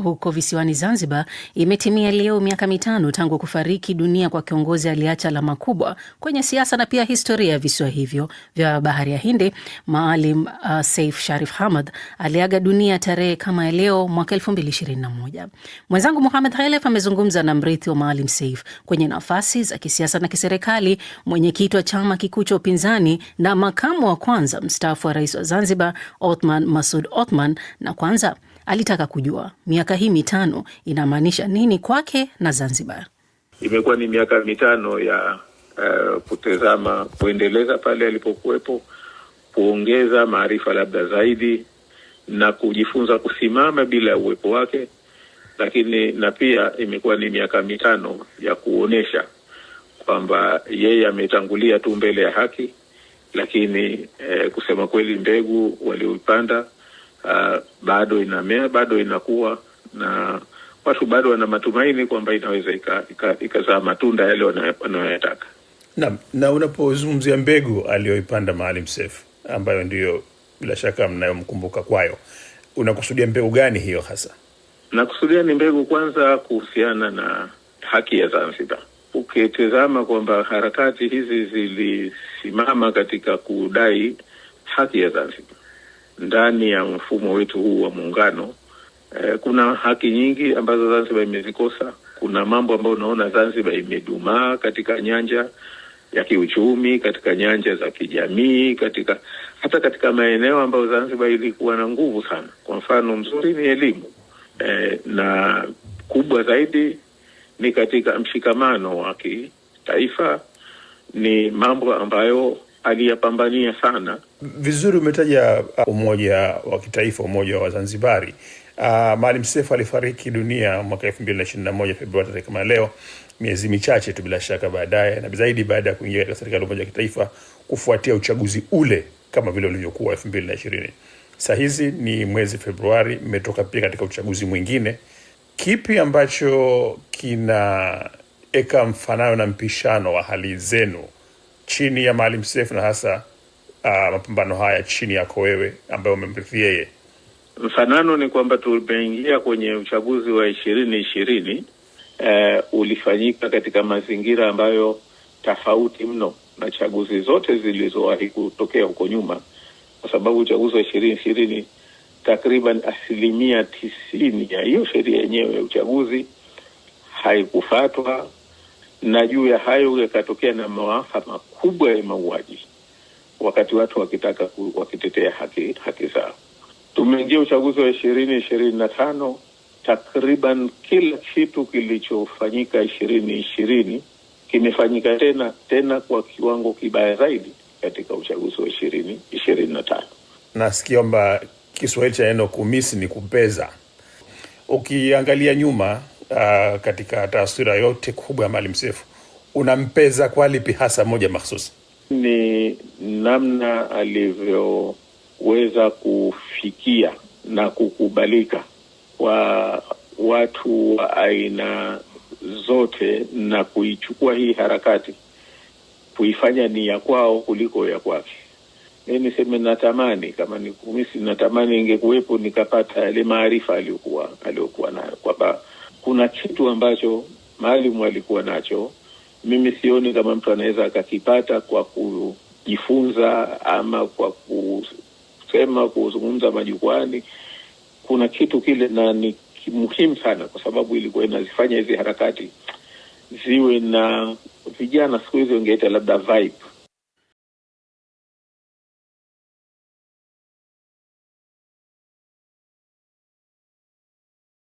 huko visiwani Zanzibar imetimia leo miaka mitano tangu kufariki dunia kwa kiongozi aliacha alama kubwa kwenye siasa na pia historia ya visiwa hivyo vya bahari ya Hindi. Maalim uh, Saif Sharif Hamad aliaga dunia tarehe kama ya leo mwaka moja. Mwenzangu Muhamed Khalef amezungumza na mrithi wa Maalim saif kwenye nafasi za kisiasa na kiserikali, mwenyekiti wa chama kikuu cha upinzani na makamu wa kwanza mstaafu wa rais wa Zanzibar Othman Masud Othman, na kwanza Alitaka kujua miaka hii mitano inamaanisha nini kwake na Zanzibar. Imekuwa ni miaka mitano ya uh, eh, kutazama, kuendeleza pale alipokuwepo, kuongeza maarifa labda zaidi na kujifunza kusimama bila ya uwepo wake, lakini na pia imekuwa ni miaka mitano ya kuonyesha kwamba yeye ametangulia tu mbele ya haki, lakini eh, kusema kweli mbegu walioipanda uh, bado inamea, bado inakuwa na watu bado wana matumaini kwamba inaweza ikazaa ika, ika matunda yale wanayoyataka. nam na, na unapozungumzia mbegu aliyoipanda Maalim sef ambayo ndiyo bila shaka mnayomkumbuka kwayo, unakusudia mbegu gani hiyo hasa? Nakusudia ni mbegu kwanza kuhusiana na haki ya Zanzibar. Ukitizama kwamba harakati hizi zilisimama katika kudai haki ya Zanzibar ndani ya mfumo wetu huu wa muungano eh, kuna haki nyingi ambazo Zanzibar imezikosa. Kuna mambo ambayo unaona Zanzibar imedumaa katika nyanja ya kiuchumi, katika nyanja za kijamii, katika hata katika maeneo ambayo Zanzibar ilikuwa na nguvu sana. Kwa mfano mzuri ni elimu eh, na kubwa zaidi ni katika mshikamano wa kitaifa. Ni mambo ambayo aliyapambania sana. Vizuri umetaja uh, umoja wa kitaifa, umoja wa zanzibari Uh, Maalim Seif alifariki dunia mwaka elfu mbili na ishirini na moja Februari tarehe kama leo, miezi michache tu bila shaka baadaye, na zaidi baada ya kuingia katika serikali umoja wa kitaifa kufuatia uchaguzi ule kama vile ulivyokuwa elfu mbili na ishirini. Sa hizi ni mwezi Februari, mmetoka pia katika uchaguzi mwingine. Kipi ambacho kinaeka mfanano na mpishano wa hali zenu chini ya Maalim Seif na hasa uh, mapambano haya chini yako wewe ambayo umemrithi yeye? Mfanano ni kwamba tumeingia kwenye uchaguzi wa ishirini ishirini uh, ulifanyika katika mazingira ambayo tofauti mno na chaguzi zote zilizowahi kutokea huko nyuma, kwa sababu uchaguzi wa ishirini ishirini takriban asilimia tisini ya hiyo sheria yenyewe ya uchaguzi haikufatwa na juu ya hayo yakatokea na maafa makubwa ya mauaji, wakati watu wakitaka wakitetea haki, haki zao. Tumeingia uchaguzi wa ishirini ishirini na tano takriban kila kitu kilichofanyika ishirini ishirini kimefanyika tena tena kwa kiwango kibaya zaidi katika uchaguzi wa ishirini ishirini na tano. Nasikia kwamba Kiswahili cha neno kumisi ni kupeza. Ukiangalia nyuma uh, katika taswira yote kubwa ya Maalim Seif, unampeza kwa lipi hasa moja mahsusi? Ni namna alivyoweza kufikia na kukubalika kwa watu wa aina zote na kuichukua hii harakati kuifanya ni ya kwao kuliko ya kwake. Mi niseme natamani kama nikumisi, natamani ingekuwepo nikapata yale maarifa aliyokuwa aliyokuwa nayo kwamba kuna kitu ambacho Maalim alikuwa nacho, mimi sioni kama mtu anaweza akakipata kwa kujifunza ama kwa kusema kuzungumza majukwani. Kuna kitu kile, na ni muhimu sana, kwa sababu ilikuwa inazifanya hizi harakati ziwe na vijana, siku hizi wangeita labda vibe